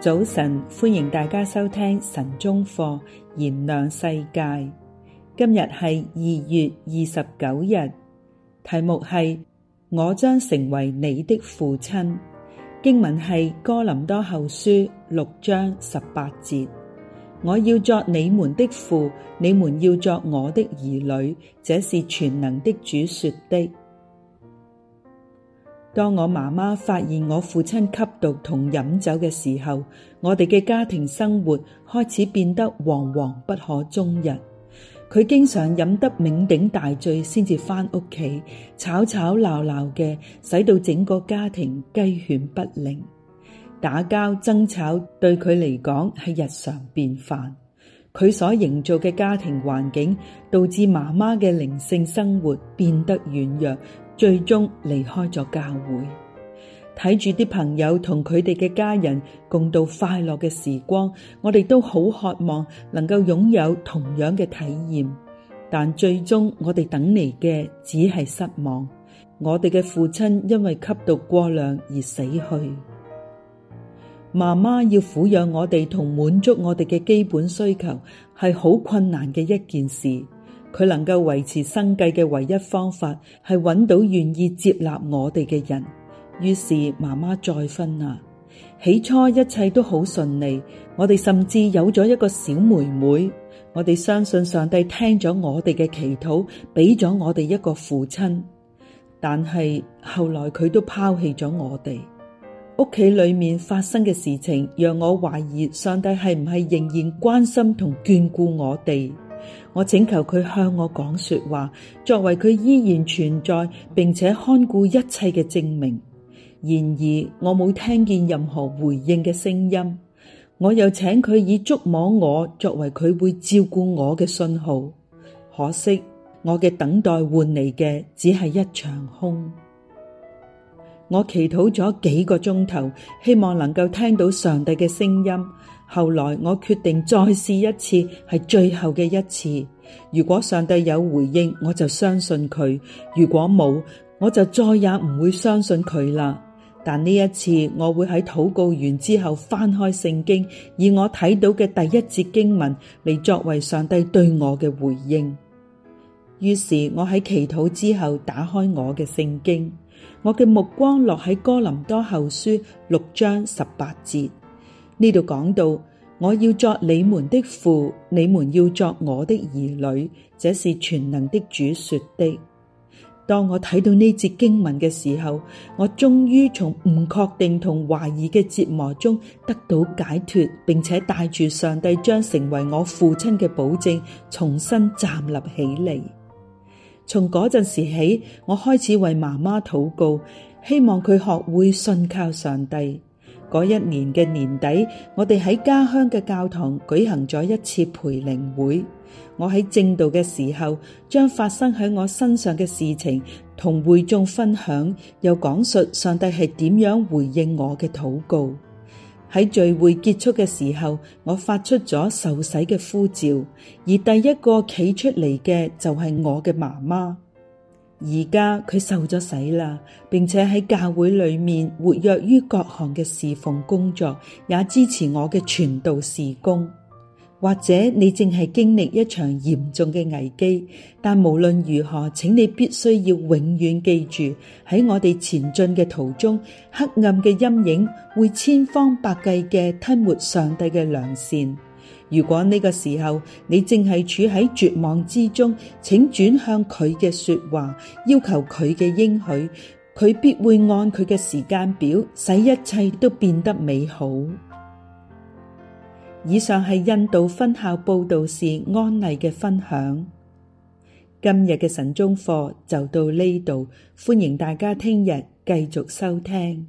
早晨，歡迎大家收聽晨鐘課，燃亮世界。今日係二月二十九日，題目係我將成為你的父親。經文係哥林多後書六章十八節，我要作你們的父，你們要作我的兒女，這是全能的主說的。當我媽媽發現我父親吸毒同飲酒嘅時候，我哋嘅家庭生活開始變得惶惶不可終日。佢經常飲得酩酊大醉先至返屋企，吵吵鬧鬧嘅，使到整個家庭雞犬不寧。打交爭吵對佢嚟講係日常便飯。佢所營造嘅家庭環境，導致媽媽嘅靈性生活變得軟弱。最終離開咗教會，睇住啲朋友同佢哋嘅家人共度快樂嘅時光，我哋都好渴望能夠擁有同樣嘅體驗。但最終我哋等嚟嘅只係失望。我哋嘅父親因為吸毒過量而死去，媽媽要撫養我哋同滿足我哋嘅基本需求，係好困難嘅一件事。佢能夠維持生計嘅唯一方法係揾到願意接納我哋嘅人。於是媽媽再婚啦。起初一切都好順利，我哋甚至有咗一個小妹妹。我哋相信上帝聽咗我哋嘅祈禱，俾咗我哋一個父親。但係後來，佢都拋棄咗我哋。屋企裏面發生嘅事情，讓我懷疑上帝係唔係仍然關心同眷顧我哋。我請求佢向我講說話，作為佢依然存在並且看顧一切嘅證明。然而我冇聽見任何回應嘅聲音。我又請佢以觸摸我作為佢會照顧我嘅信號。可惜我嘅等待換嚟嘅只係一場空。我祈禱咗幾個鐘頭，希望能夠聽到上帝嘅聲音。後來我決定再試一次，係最後嘅一次。如果上帝有回應，我就相信佢；如果冇，我就再也唔會相信佢啦。但呢一次，我會喺禱告完之後翻開聖經，以我睇到嘅第一節經文嚟，作為上帝對我嘅回應。於是，我喺祈禱之後打開我嘅聖經，我嘅目光落喺哥林多後書六章十八節。呢度講到，我要作你們的父，你們要作我的兒女。這是全能的主說的。當我睇到呢節經文嘅時候，我終於從唔確定同懷疑嘅折磨中得到解脱，並且帶住上帝將成為我父親嘅保證，重新站立起嚟。從嗰陣時起，我開始為媽媽禱告，希望佢學會信靠上帝。嗰一年嘅年底，我哋喺家鄉嘅教堂舉行咗一次培靈會。我喺正道嘅時候，將發生喺我身上嘅事情同會眾分享，又講述上帝係點樣回應我嘅禱告。喺聚會結束嘅時候，我發出咗受洗嘅呼召，而第一個企出嚟嘅就係我嘅媽媽。而家佢受咗洗啦，並且喺教會裏面活躍於各項嘅侍奉工作，也支持我嘅傳道事工。或者你正係經歷一場嚴重嘅危機，但無論如何，請你必須要永遠記住，喺我哋前進嘅途中，黑暗嘅陰影會千方百計嘅吞沒上帝嘅良善。如果呢個時候你正係處喺絕望之中，請轉向佢嘅說話，要求佢嘅應許，佢必會按佢嘅時間表，使一切都變得美好。以上係印度分校佈道士安麗嘅分享。今日嘅晨鐘課就到呢度，歡迎大家聽日繼續收聽。